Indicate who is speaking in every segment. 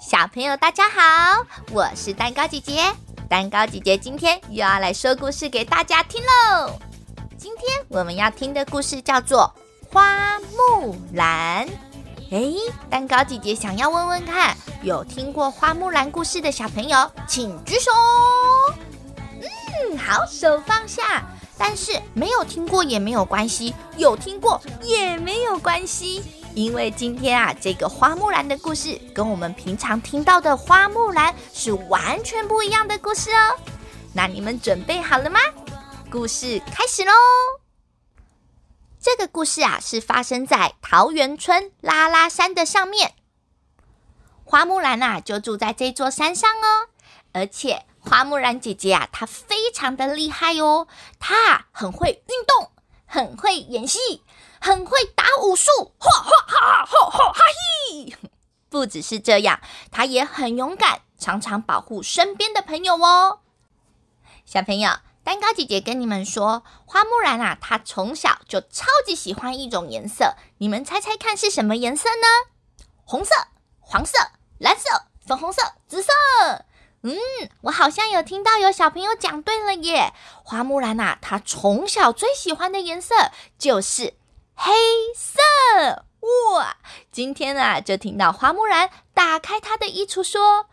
Speaker 1: 小朋友，大家好，我是蛋糕姐姐。蛋糕姐姐今天又要來說故事給大家聽嘍。今天我們要聽的故事叫做《花木蘭》。誒、欸，蛋糕姐姐想要問問看，有聽過花木蘭故事的小朋友，請舉手。嗯，好，手放下。但是沒有聽過也沒有關係，有聽過也沒有關係。因為今天啊，這個花木蘭的故事跟我們平常聽到的花木蘭是完全不一樣的故事哦。那你們準備好了嗎？故事開始嘍！這個故事啊，是發生在桃園村拉拉山的上面。花木蘭吶、啊，就住在這座山上哦。而且，花木蘭姐姐啊，她非常的厲害喲、哦。她、啊、很會運動，很會演戲。很會打武術，嚯嚯哈哈嚯嚯哈嘿！不只是這樣，他也很勇敢，常常保護身邊的朋友哦。小朋友，蛋糕姐姐跟你們說，花木蘭啊，她從小就超級喜歡一種顏色，你們猜猜看是什麼顏色呢？紅色、黃色、藍色、粉紅色、紫色……嗯，我好像有聽到有小朋友講對了耶！花木蘭啊，她從小最喜歡的顏色就是。黑色，哇！今天啊，就聽到花木蘭打開他的衣櫥說：“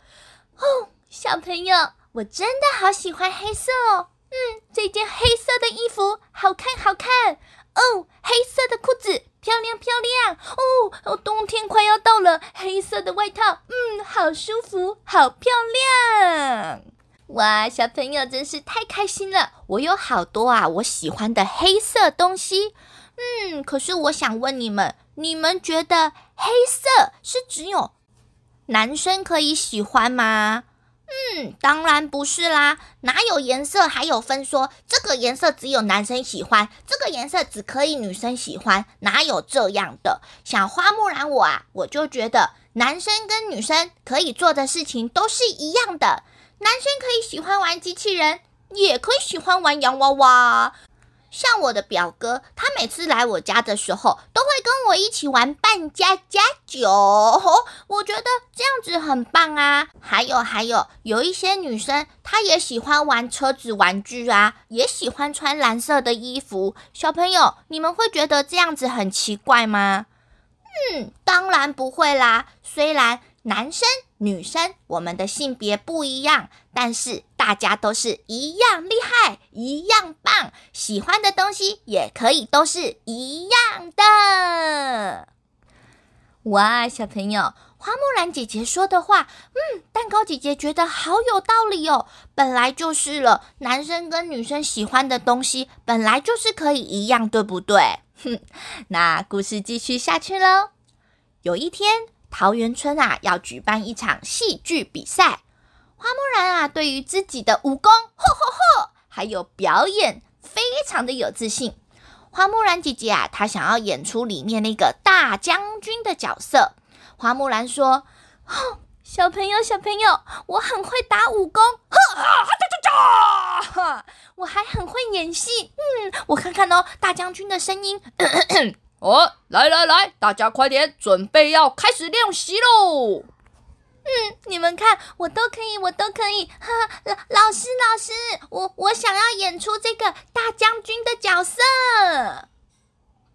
Speaker 1: 哦，小朋友，我真的好喜歡黑色哦。嗯，這件黑色的衣服好看，好看，好看哦。黑色的褲子漂亮，漂亮，漂亮哦。冬天快要到了，黑色的外套，嗯，好舒服，好漂亮。哇，小朋友真是太開心了！我有好多啊，我喜歡的黑色東西。”嗯，可是我想問你們，你們覺得黑色是只有男生可以喜歡嗎？嗯，當然不是啦，哪有顏色還有分說？這個顏色只有男生喜歡，這個顏色只可以女生喜歡，哪有這樣的？小花木蘭我啊，我就覺得男生跟女生可以做的事情都是一樣的，男生可以喜歡玩機器人，也可以喜歡玩洋娃娃。像我的表哥，他每次來我家的時候，都會跟我一起玩扮家家酒。我覺得這樣子很棒啊！還有還有，有一些女生，她也喜歡玩車子玩具啊，也喜歡穿藍色的衣服。小朋友，你們會覺得這樣子很奇怪嗎？嗯，當然不會啦。雖然男生，女生，我們的性別不一樣，但是大家都是一樣厲害，一樣棒，喜歡的東西也可以都是一樣的。哇，小朋友，花木蘭姐姐說的話，嗯，蛋糕姐姐覺得好有道理哦。本來就是了，男生跟女生喜歡的東西本來就是可以一樣，對不對？哼，那故事繼續下去嘍。有一天。桃源村啊，要舉辦一場戲劇比賽。花木蘭啊，對於自己的武功，吼吼吼，還有表演，非常的有自信。花木蘭姐姐啊，她想要演出裡面那個大將軍的角色。花木蘭說：“小朋友，小朋友，我很會打武功，哈哈哈！我還很會演戲。嗯，我看看哦，大將軍的聲音。咳咳咳”哦，來來來，大家快點準備，要開始練習嘍！嗯，你們看，我都可以，我都可以，哈哈！老老師，老師，我我想要演出這個大將軍的角色。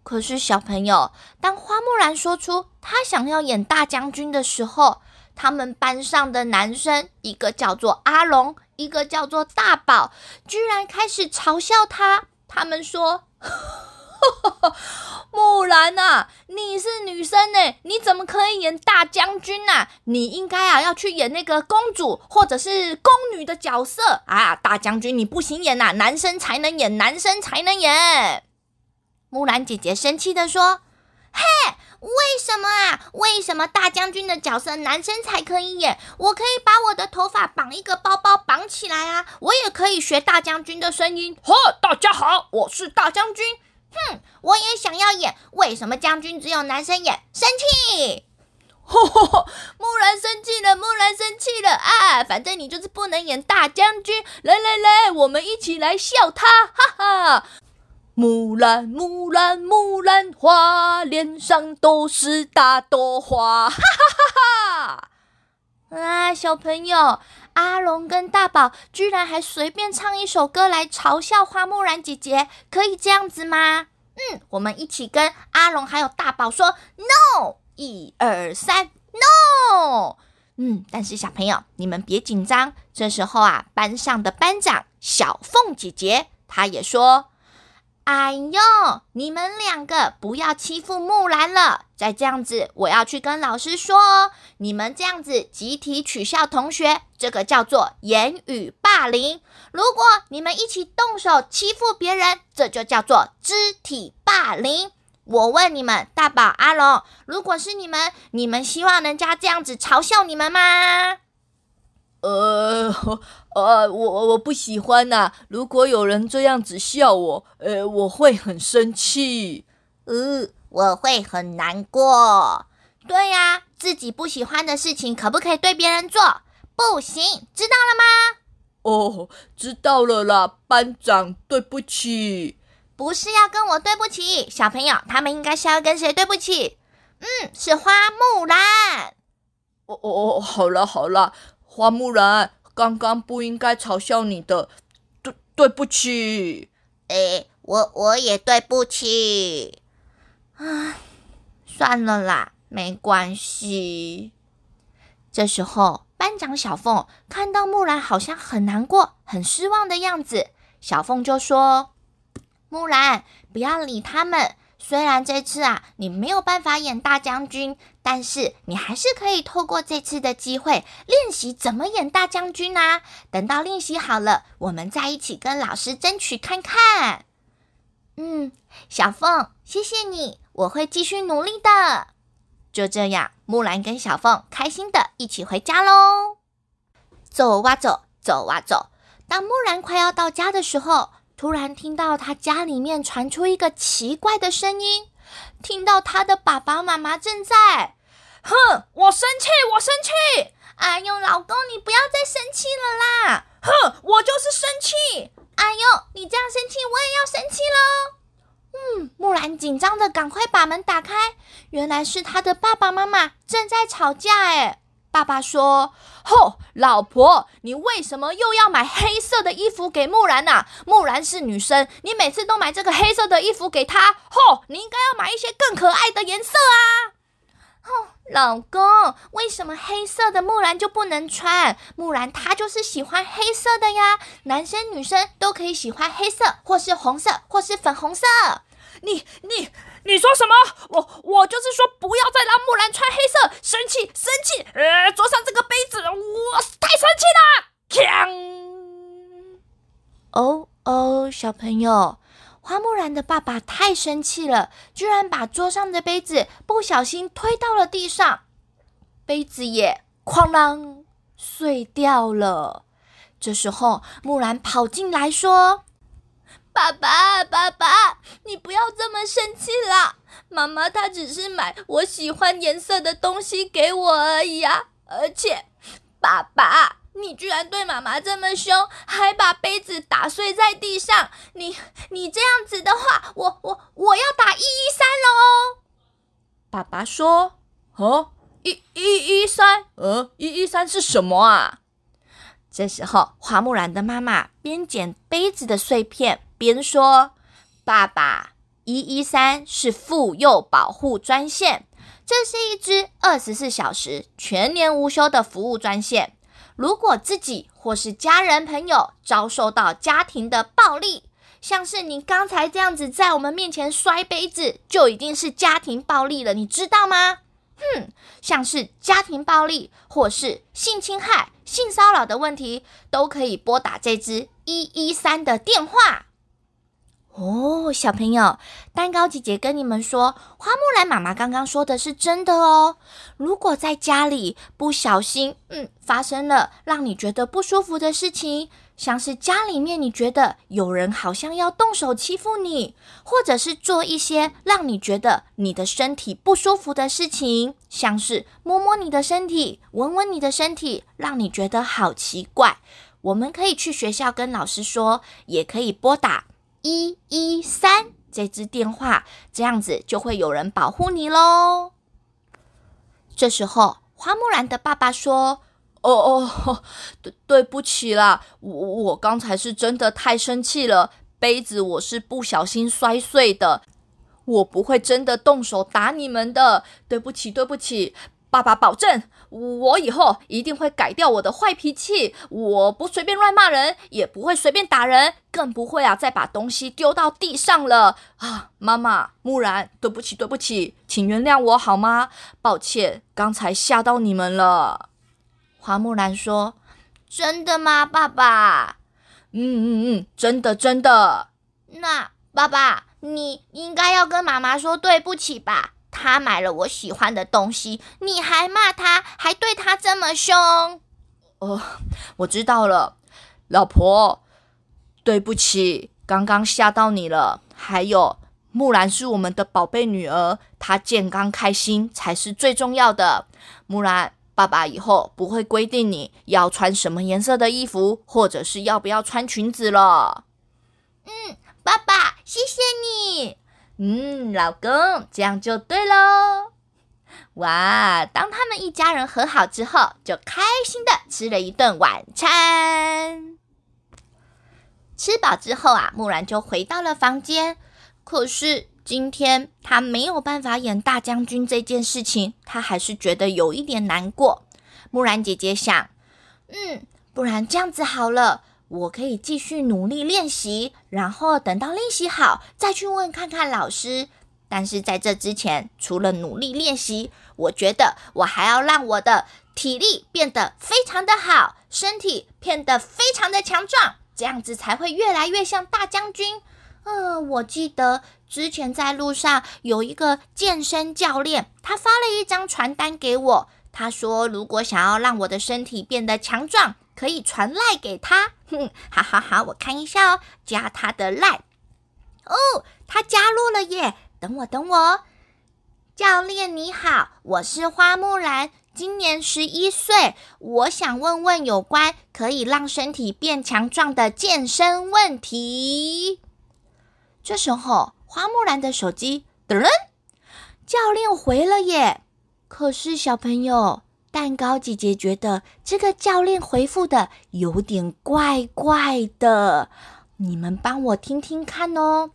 Speaker 1: 可是小朋友，當花木蘭說出她想要演大將軍的時候，他們班上的男生，一個叫做阿龍，一個叫做大寶，居然開始嘲笑他。他們說。 木蘭啊，你是女生呢，欸，你怎麼可以演大將軍呢？啊，你應該啊要去演那個公主或者是宮女的角色啊！大將軍你不行演吶，啊，男生才能演，男生才能演。木蘭姐姐生氣地說：“嘿，為什麼啊？為什麼大將軍的角色男生才可以演？我可以把我的頭髮綁一個包包綁起來啊，我也可以學大將軍的聲音。哈，大家好，我是大將軍。”哼，我也想要演。為什麼將軍只有男生演？生氣！呵呵呵，木蘭生氣了，木蘭生氣了啊！反正你就是不能演大將軍。來來來，我們一起來笑他！哈哈！木蘭木蘭木蘭花，臉上都是大朵花！哈哈哈哈！啊，小朋友，阿龍跟大寶居然還隨便唱一首歌來嘲笑花木蘭姐姐，可以這樣子嗎？嗯，我們一起跟阿龍還有大寶說 no，一二三，no。嗯，但是小朋友，你們別緊張，這時候啊，班上的班長小鳳姐姐她也說。哎呦！你們兩個不要欺負木蘭了，再這樣子，我要去跟老師說哦。你們這樣子集體取笑同學，這個叫做言語霸凌。如果你們一起動手欺負別人，這就叫做肢體霸凌。我問你們，大寶、阿龍，如果是你們，你們希望人家這樣子嘲笑你們嗎？呃呵呃，我我不喜歡吶、啊。如果有人這樣子笑我，呃，我會很生氣，呃、嗯，我會很難過。對呀、啊，自己不喜歡的事情，可不可以對別人做？不行，知道了嗎？哦，知道了啦，班長，對不起。不是要跟我對不起，小朋友，他們應該是要跟誰對不起？嗯，是花木蘭。哦哦哦，好了好了。花木蘭，剛剛不應該嘲笑你的，對，對不起。誒，我我也對不起。啊，算了啦，沒關係。這時候，班長小鳳看到木蘭好像很難過、很失望的樣子，小鳳就說：“木蘭，不要理他們。”雖然這次啊，你沒有辦法演大將軍，但是你還是可以透過這次的機會練習怎麼演大將軍吶、啊，等到練習好了，我們再一起跟老師爭取看看。嗯，小鳳，謝謝你，我會繼續努力的。就這樣，木蘭跟小鳳開心的一起回家嘍。走啊走，走啊走，當木蘭快要到家的時候。突然聽到他家裡面傳出一個奇怪的聲音，聽到他的爸爸媽媽正在，哼，我生氣，我生氣。哎呦，老公，你不要再生氣了啦。哼，我就是生氣。哎呦，你這樣生氣，我也要生氣嘍。嗯，木蘭緊張的趕快把門打開，原來是他的爸爸媽媽正在吵架，哎。爸爸說：“吼，老婆，你為什麼又要買黑色的衣服給木蘭呢？木蘭是女生，你每次都買這個黑色的衣服給她。吼，你應該要買一些更可愛的顏色啊！吼，老公，為什麼黑色的木蘭就不能穿？木蘭她就是喜歡黑色的呀。男生女生都可以喜歡黑色，或是紅色，或是粉紅色。你、你。你”你說什麼？我我就是說，不要再讓木蘭穿黑色！生氣，生氣！呃，桌上這個杯子，我是太生氣了！槍！哦哦，小朋友，花木蘭的爸爸太生氣了，居然把桌上的杯子不小心推到了地上，杯子也哐啷碎掉了。這時候，木蘭跑進來說。爸爸，爸爸，你不要這麼生氣啦！媽媽她只是買我喜歡顏色的東西給我而已啊！而且，爸爸，你居然對媽媽這麼兇，還把杯子打碎在地上！你你這樣子的話，我我我要打一一三了哦！爸爸說：“啊、哦，一一一三，呃、嗯，一一三是什麼啊？”這時候，花木蘭的媽媽邊撿杯子的碎片。別人說：“爸爸，一一三是婦幼保護專線，這是一支二十四小時全年無休的服務專線。如果自己或是家人朋友遭受到家庭的暴力，像是你剛才這樣子在我們面前摔杯子，就已經是家庭暴力了，你知道嗎？哼、嗯，像是家庭暴力或是性侵害、性騷擾的問題，都可以撥打這支一一三的電話。”哦，oh, 小朋友，蛋糕姐姐跟你們說，花木蘭媽媽剛剛說的是真的哦。如果在家裡不小心，嗯，發生了讓你覺得不舒服的事情，像是家裡面你覺得有人好像要動手欺負你，或者是做一些讓你覺得你的身體不舒服的事情，像是摸摸你的身體、聞聞你的身體，讓你覺得好奇怪，我們可以去學校跟老師說，也可以撥打。一一三，這支電話這樣子就會有人保護你嘍。這時候，花木蘭的爸爸說：“哦哦，對，對不起啦，我我剛才是真的太生氣了，杯子我是不小心摔碎的，我不會真的動手打你們的，對不起，對不起，爸爸保證。”我以後一定會改掉我的壞脾氣。我不隨便亂罵人，也不會隨便打人，更不會啊再把東西丟到地上了啊！媽媽，木蘭，對不起，對不起，請原諒我好嗎？抱歉，剛才嚇到你們了。花木蘭說：“真的嗎，爸爸？”“嗯嗯嗯，真的真的。那”那爸爸，你應該要跟媽媽說對不起吧？她買了我喜歡的東西，你還罵她。還對她這麼凶？哦，我知道了，老婆，對不起，剛剛嚇到你了。還有，木蘭是我們的寶貝女兒，她健康開心才是最重要的。木蘭，爸爸以後不會規定你要穿什麼顏色的衣服，或者是要不要穿裙子了。嗯，爸爸，謝謝你。嗯，老公，這樣就對嘍。哇！當他們一家人和好之後，就開心的吃了一頓晚餐。吃飽之後啊，木蘭就回到了房間。可是今天他沒有辦法演大將軍這件事情，他還是覺得有一點難過。木蘭姐姐想，嗯，不然這樣子好了，我可以繼續努力練習，然後等到練習好再去問看看老師。但是在這之前，除了努力練習，我覺得我還要讓我的體力變得非常的好，身體變得非常的強壯，這樣子才會越來越像大將軍。嗯、呃，我記得之前在路上有一個健身教練，他發了一張傳單給我，他說如果想要讓我的身體變得強壯，可以傳賴給他。哼，好好好，我看一下哦，加他的賴，哦，他加入了耶。等我，等我，教練你好，我是花木蘭，今年十一歲，我想問問有關可以讓身體變強壯的健身問題。這時候，花木蘭的手機，噔、呃，教練回了耶。可是小朋友，蛋糕姐姐覺得這個教練回復的有點怪怪的，你們幫我聽聽看哦。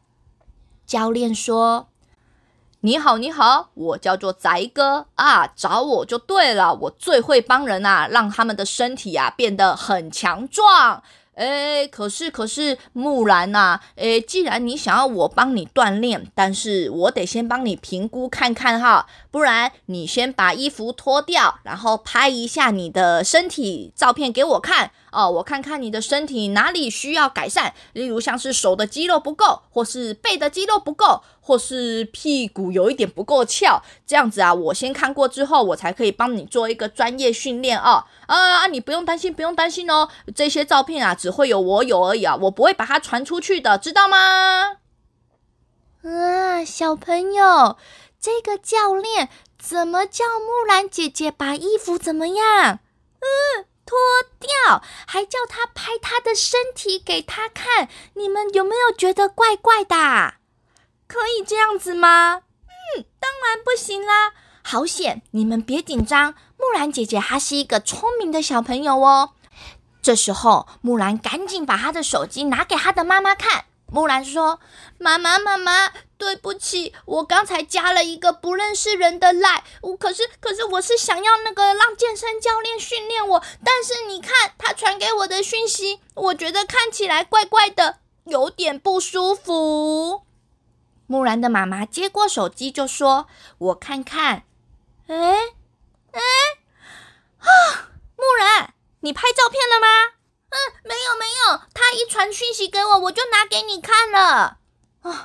Speaker 1: 教練說。你好，你好，我叫做宅哥啊，找我就對了，我最會幫人啊，讓他們的身體啊變得很強壯。誒，可是可是木蘭吶，誒，既然你想要我幫你鍛煉，但是我得先幫你評估看看哈，不然你先把衣服脫掉，然後拍一下你的身體照片給我看。哦，我看看你的身體哪裡需要改善，例如像是手的肌肉不夠，或是背的肌肉不夠，或是屁股有一點不夠翹，這樣子啊，我先看過之後，我才可以幫你做一個專業訓練哦，啊啊啊！你不用擔心，不用擔心哦，這些照片啊，只會有我有而已啊，我不會把它傳出去的，知道嗎？啊，小朋友，這個教練怎麼叫木蘭姐姐把衣服怎麼樣？嗯。脫掉，還叫他拍他的身體給他看，你們有沒有覺得怪怪的？可以這樣子嗎？嗯，當然不行啦！好險，你們別緊張。木蘭姐姐她是一個聰明的小朋友哦。這時候，木蘭趕緊把她的手機拿給她的媽媽看。木蘭說：“媽媽，媽媽。”對不起，我剛才加了一個不認識人的賴，我可是可是我是想要那個讓健身教練訓練我，但是你看他傳給我的訊息，我覺得看起來怪怪的，有點不舒服。木蘭的媽媽接過手機就說：“我看看，哎，哎，啊，木蘭，你拍照片了嗎？嗯，沒有沒有，他一傳訊息給我，我就拿給你看了。”啊、哦，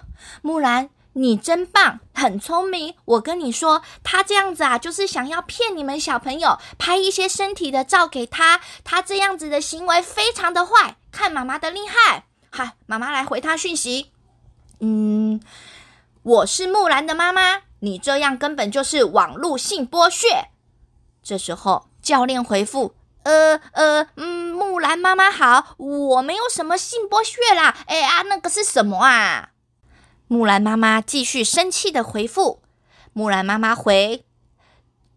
Speaker 1: 木蘭，你真棒，很聰明。我跟你說，他這樣子啊，就是想要騙你們小朋友拍一些身體的照給他。他這樣子的行為非常的壞。看媽媽的厲害，好，媽媽來回他訊息。嗯，我是木蘭的媽媽，你這樣根本就是網絡性剝削。這時候教練回覆：呃呃，嗯，木蘭媽媽好，我沒有什麼性剝削啦。哎啊，那個是什麼啊？木蘭媽媽繼續生氣的回覆：“木蘭媽媽回，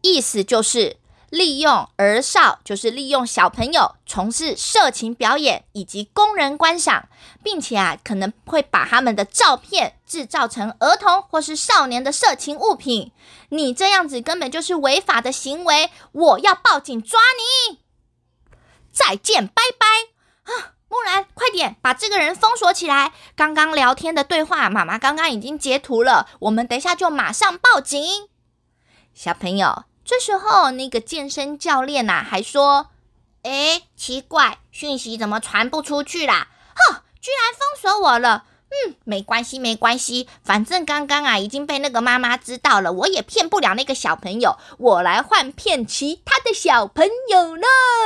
Speaker 1: 意思就是利用兒少，就是利用小朋友從事色情表演以及供人觀賞，並且啊，可能會把他們的照片制造成兒童或是少年的色情物品。你這樣子根本就是違法的行為，我要報警抓你！再見，拜拜。”木蘭，快點把這個人封鎖起來！剛剛聊天的對話，媽媽剛剛已經截圖了。我們等一下就馬上報警。小朋友，這時候那個健身教練吶、啊，還說：“哎，奇怪，訊息怎麼傳不出去啦？哼，居然封鎖我了！”嗯，沒關係，沒關係，反正剛剛啊已經被那個媽媽知道了，我也騙不了那個小朋友，我來換騙其他的小朋友囉，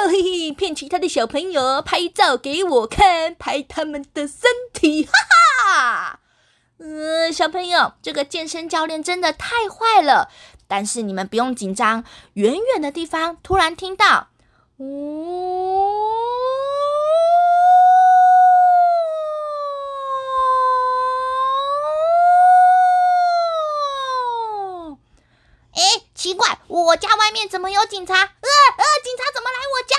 Speaker 1: 嘿嘿，騙其他的小朋友拍照給我看，拍他們的身體，哈哈。呃，小朋友，這個健身教練真的太壞了，但是你們不用緊張，遠遠的地方突然聽到，哦。面怎麼有警察？呃呃，警察怎麼來我家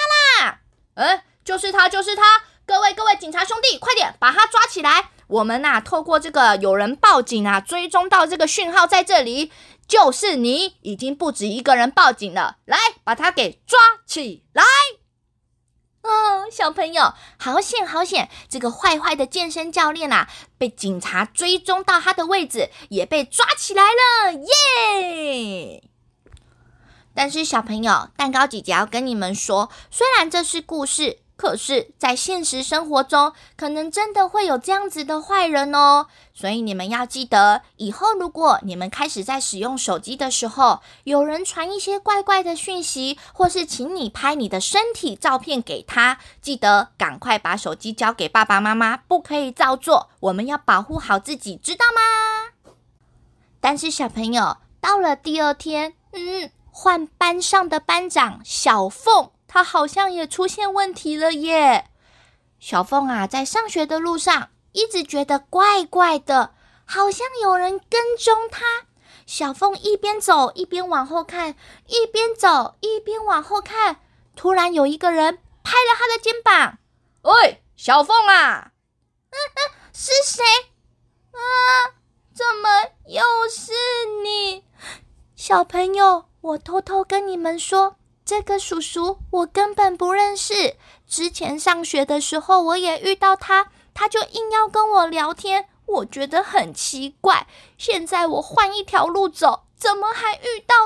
Speaker 1: 啦？嗯、欸，就是他，就是他。各位各位警察兄弟，快點把他抓起來！我們吶、啊，透過這個有人報警啊，追蹤到這個訊號在這裡，就是你，已經不止一個人報警了。來，把他給抓起來！啊、哦，小朋友，好險好險！這個壞壞的健身教練啊，被警察追蹤到他的位置，也被抓起來了，耶、yeah!！但是小朋友，蛋糕姐姐要跟你們說，雖然這是故事，可是在現實生活中，可能真的會有這樣子的壞人哦。所以你們要記得，以後如果你們開始在使用手機的時候，有人傳一些怪怪的訊息，或是請你拍你的身體照片給他，記得趕快把手機交給爸爸媽媽，不可以照做。我們要保護好自己，知道嗎？但是小朋友，到了第二天，嗯。換班上的班長小鳳，她好像也出現問題了耶。小鳳啊，在上學的路上，一直覺得怪怪的，好像有人跟蹤她。小鳳一邊走一邊往後看，一邊走一邊往後看。突然有一個人拍了她的肩膀：“喂，小鳳啊，嗯嗯、是誰？啊，怎麼又是你，小朋友？”我偷偷跟你們說，這個叔叔我根本不認識。之前上學的時候我也遇到他，他就硬要跟我聊天，我覺得很奇怪。現在我換一條路走，怎麼還遇到？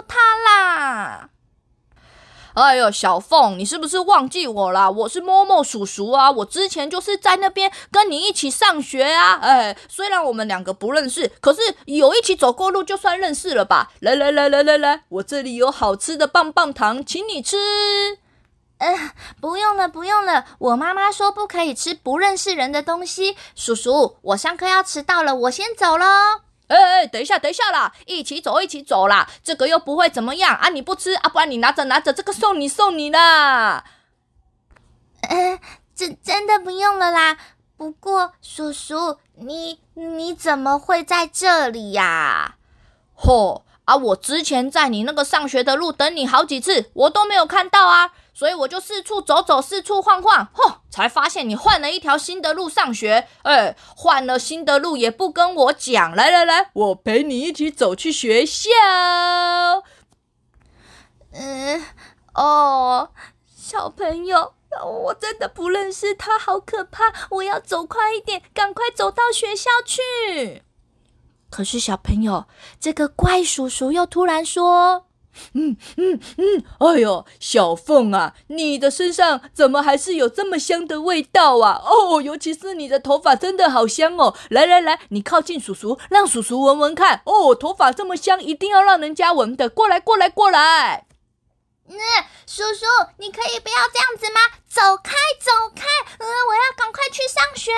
Speaker 1: 哎呦，小鳳，你是不是忘記我了？我是摸摸叔叔啊，我之前就是在那邊跟你一起上學啊。哎，雖然我們兩個不認識，可是有一起走過路，就算認識了吧。來來來來來來，我這裡有好吃的棒棒糖，請你吃。嗯、呃，不用了不用了，我媽媽說不可以吃不認識人的東西。叔叔，我上課要遲到了，我先走嘍。哎哎、欸欸，等一下，等一下啦，一起走，一起走啦。這個又不會怎麼樣啊，你不吃啊，不然你拿着拿着，這個送你送你啦。嗯，這真的不用了啦。不過叔叔，你你怎麼會在這裡呀、啊？嚯、哦、啊，我之前在你那個上學的路等你好幾次，我都沒有看到啊。所以我就四處走走，四處晃晃，哼，才發現你換了一條新的路上學，哎，換了新的路也不跟我講。來來來，我陪你一起走去學校。嗯，哦，小朋友，我真的不認識他，好可怕，我要走快一點，趕快走到學校去。可是小朋友，這個怪叔叔又突然說。嗯嗯嗯，哎呦，小鳳啊，你的身上怎麼還是有這麼香的味道啊？哦，尤其是你的頭髮，真的好香哦！來來來，你靠近叔叔，讓叔叔聞聞看。哦，頭髮這麼香，一定要讓人家聞的，過來過來過來。過來嗯，叔叔，你可以不要這樣子嗎？走開走開，嗯、呃，我要趕快去上學。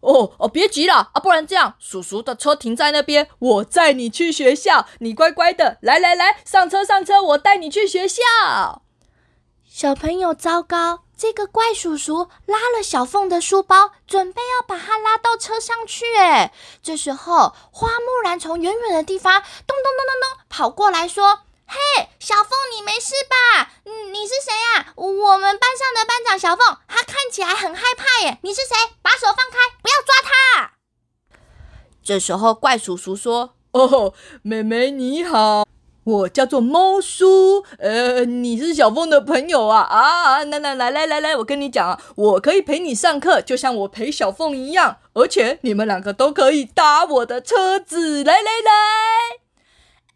Speaker 1: 哦哦，別急了啊！不然這樣，叔叔的車停在那邊，我載你去學校。你乖乖的，來來來，上車上車，我帶你去學校。小朋友，糟糕！這個怪叔叔拉了小鳳的書包，準備要把她拉到車上去。哎，這時候花木蘭從遠遠的地方咚咚咚咚咚跑過來說。嘿，hey, 小鳳，你沒事吧？你，你是誰呀，啊？我們班上的班長小鳳，她看起來很害怕耶。你是誰？把手放開，不要抓她。這時候，怪叔叔說：“哦，妹妹你好，我叫做貓叔。呃，你是小鳳的朋友啊？啊，來來來來來來，我跟你講啊，我可以陪你上課，就像我陪小鳳一樣。而且你們兩個都可以搭我的車子，來來來。來”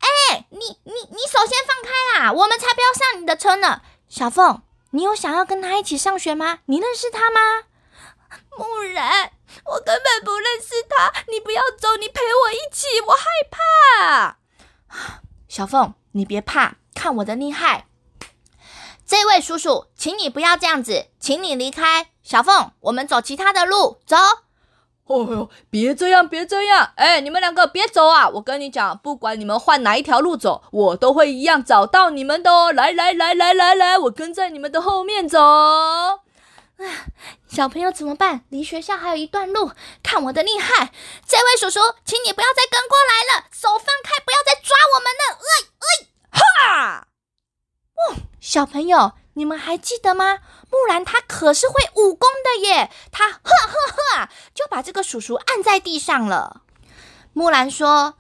Speaker 1: 哎、欸，你你你，你首先放開啦、啊，我們才不要上你的車呢。小鳳，你有想要跟他一起上學嗎？你認識他嗎？木蘭，我根本不認識他。你不要走，你陪我一起，我害怕。小鳳，你別怕，看我的厲害。這位叔叔，請你不要這樣子，請你離開。小鳳，我們走其他的路，走。哦呦，別這樣，別這樣！哎，你們兩個別走啊！我跟你講，不管你們換哪一條路走，我都會一樣找到你們的哦！來來來來來來，我跟在你們的後面走。哎，小朋友怎麼辦？離學校還有一段路，看我的厲害！這位叔叔，請你不要再跟過來了，手放開，不要再抓我們了！哎、呃、哎，呃、哈！哦，小朋友。你們還記得嗎？木蘭她可是會武功的耶，她呵呵呵就把這個叔叔按在地上了。木蘭說：“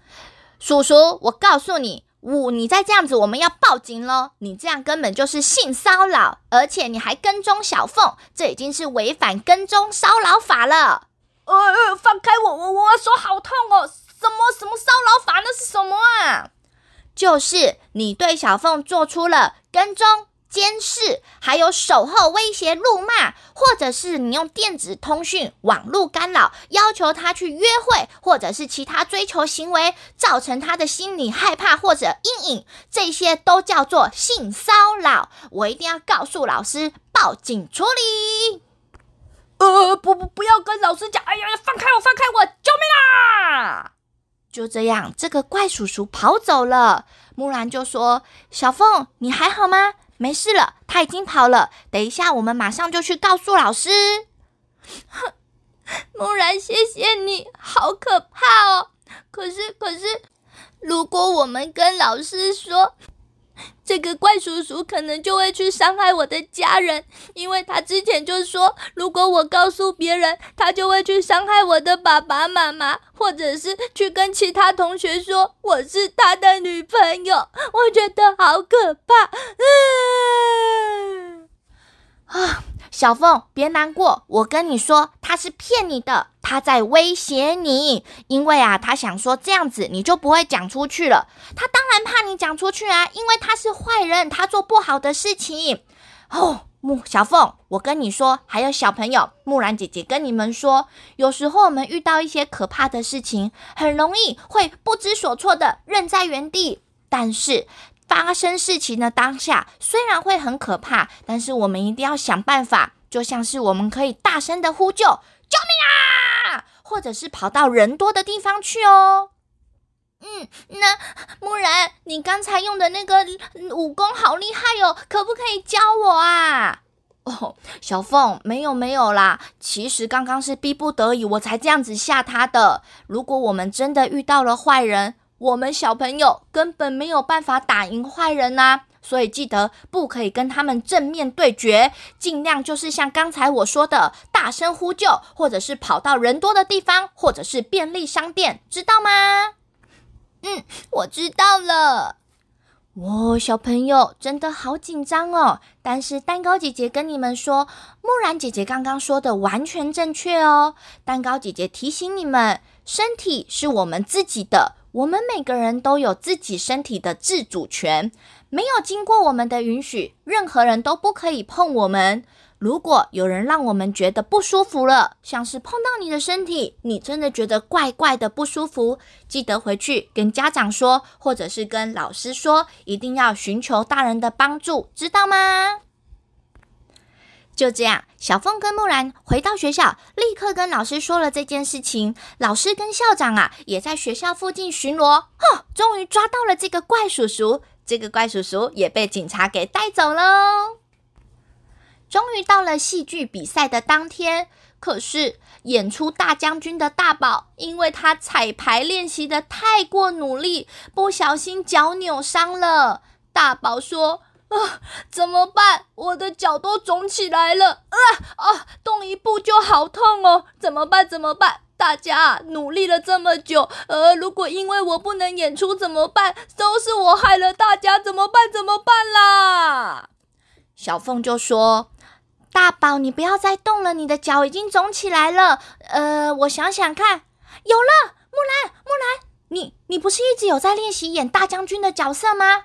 Speaker 1: 叔叔，我告訴你，五，你再這樣子，我們要報警嘍！你這樣根本就是性騷擾，而且你還跟蹤小鳳，這已經是違反跟蹤騷擾法了。”呃，呃，放開我，我我手好痛哦！什麼什麼騷擾法？那是什麼啊？就是你對小鳳做出了跟蹤。監視，還有守候、威脅、怒罵，或者是你用電子通訊、網絡干擾，要求他去約會，或者是其他追求行為，造成他的心理害怕或者陰影，這些都叫做性騷擾。我一定要告訴老師，報警處理。呃，不不，不要跟老師講。哎呀呀，放開我，放開我，救命啊！就這樣，這個怪叔叔跑走了。木蘭就說：“小鳳，你還好嗎？”沒事了，他已經跑了。等一下，我們馬上就去告訴老師。哼，木蘭，謝謝你，好可怕哦！可是，可是，如果我們跟老師說……這個怪叔叔可能就會去傷害我的家人，因為他之前就說，如果我告訴別人，他就會去傷害我的爸爸媽媽，或者是去跟其他同學說我是他的女朋友。我覺得好可怕，嗯啊小鳳，別難過，我跟你說，他是騙你的，他在威脅你，因為啊，他想說這樣子你就不會講出去了。他當然怕你講出去啊，因為他是壞人，他做不好的事情。哦，木小鳳，我跟你說，還有小朋友，木蘭姐姐跟你們說，有時候我們遇到一些可怕的事情，很容易會不知所措的，愣在原地。但是。發生事情的當下，雖然會很可怕，但是我們一定要想辦法。就像是我們可以大聲的呼救：“救命啊！”或者是跑到人多的地方去哦。嗯，那木蘭，你剛才用的那個武功好厲害哦，可不可以教我啊？哦，小鳳，沒有沒有啦，其實剛剛是逼不得已我才這樣子嚇他的。如果我們真的遇到了壞人，我們小朋友根本沒有辦法打贏壞人吶、啊，所以記得不可以跟他們正面對決，盡量就是像剛才我說的，大聲呼救，或者是跑到人多的地方，或者是便利商店，知道嗎？嗯，我知道了。哦，小朋友真的好緊張哦，但是蛋糕姐姐跟你們說，木蘭姐姐剛剛說的完全正確哦。蛋糕姐姐提醒你們，身體是我們自己的。我們每個人都有自己身體的自主權，沒有經過我們的允許，任何人都不可以碰我們。如果有人讓我們覺得不舒服了，像是碰到你的身體，你真的覺得怪怪的不舒服，記得回去跟家長說，或者是跟老師說，一定要尋求大人的幫助，知道嗎？就這樣，小鳳跟木蘭回到學校，立刻跟老師說了這件事情。老師跟校長啊，也在學校附近巡邏。哼，終於抓到了這個怪叔叔。這個怪叔叔也被警察給帶走嘍。終於到了戲劇比賽的當天，可是演出大將軍的大寶，因為他彩排練習的太過努力，不小心腳扭傷了。大寶說。啊！怎麼辦？我的腳都腫起來了！啊啊，動一步就好痛哦！怎麼辦？怎麼辦？大家、啊、努力了這麼久，呃、啊，如果因為我不能演出怎麼辦？都是我害了大家，怎麼辦？怎麼辦啦？小鳳就說：“大寶，你不要再動了，你的腳已經腫起來了。呃，我想想看，有了，木蘭，木蘭，你你不是一直有在練習演大將軍的角色嗎？”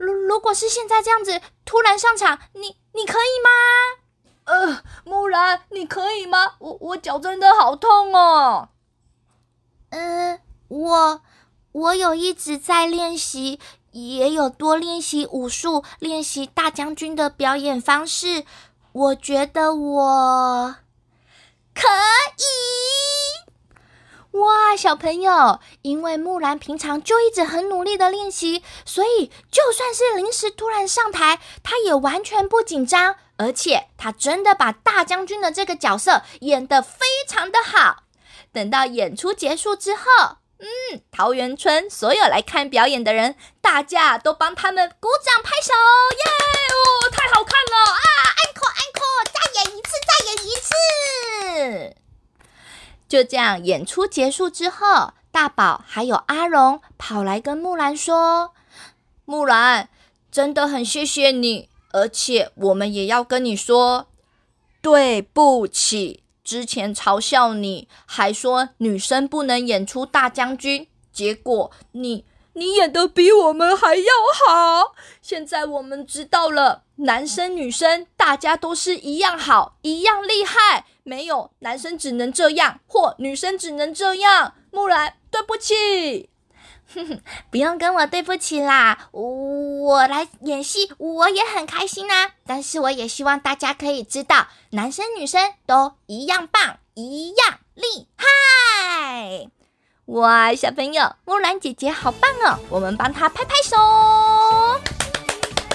Speaker 1: 如如果是現在這樣子突然上場，你你可以嗎？呃，木蘭，你可以嗎？我我腳真的好痛哦。嗯，我我有一直在練習，也有多練習武術，練習大將軍的表演方式。我覺得我可以。哇，小朋友，因為木蘭平常就一直很努力的練習，所以就算是臨時突然上台，她也完全不緊張，而且她真的把大將軍的這個角色演得非常的好。等到演出結束之後，嗯，桃源村所有來看表演的人，大家都幫他們鼓掌拍手，耶！哦，太好看了啊！安可，安可，再演一次，再演一次。就這樣，演出結束之後，大寶還有阿榮跑來跟木蘭說：“木蘭，真的很謝謝你，而且我們也要跟你說對不起，之前嘲笑你，還說女生不能演出大將軍，結果你你演得比我們還要好。現在我們知道了，男生女生大家都是一樣好，一樣厲害。”沒有，男生只能這樣，或女生只能這樣。木蘭，對不起。哼哼，不用跟我對不起啦，我我來演戲，我也很開心啊。但是我也希望大家可以知道，男生女生都一樣棒，一樣厲害。哇，小朋友，木蘭姐姐好棒哦，我們幫她拍拍手。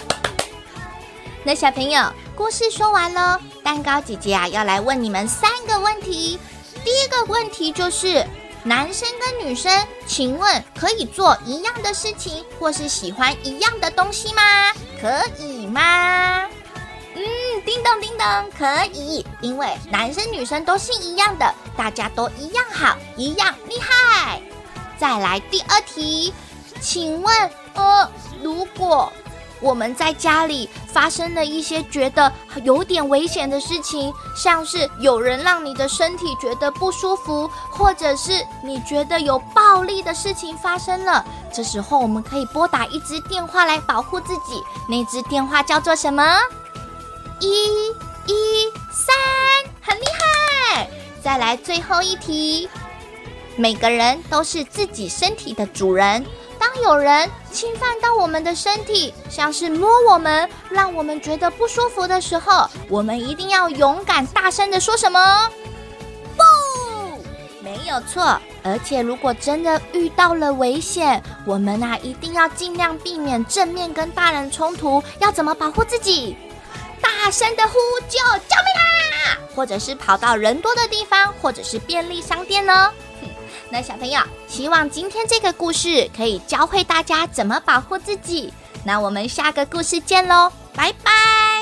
Speaker 1: 那小朋友。故事說完嘍，蛋糕姐姐啊要來問你們三個問題。第一個問題就是，男生跟女生，請問可以做一樣的事情，或是喜歡一樣的東西嗎？可以嗎？嗯，叮咚叮咚，可以，因為男生女生都是一樣的，大家都一樣好，一樣厲害。再來第二題，請問呃，如果。我們在家裡發生了一些覺得有點危險的事情，像是有人讓你的身體覺得不舒服，或者是你覺得有暴力的事情發生了。這時候我們可以撥打一支電話來保護自己，那支電話叫做什麼？一一三，很厲害！再來最後一題，每個人都是自己身體的主人。有人侵犯到我們的身體，像是摸我們，讓我們覺得不舒服的時候，我們一定要勇敢大聲地說“什麼、哦、不”，沒有錯。而且如果真的遇到了危險，我們呢、啊、一定要盡量避免正面跟大人衝突，要怎麼保護自己？大聲的呼救，救命啦、啊！或者是跑到人多的地方，或者是便利商店呢、哦？那小朋友，希望今天這個故事可以教會大家怎麼保護自己。那我們下個故事見嘍，拜拜。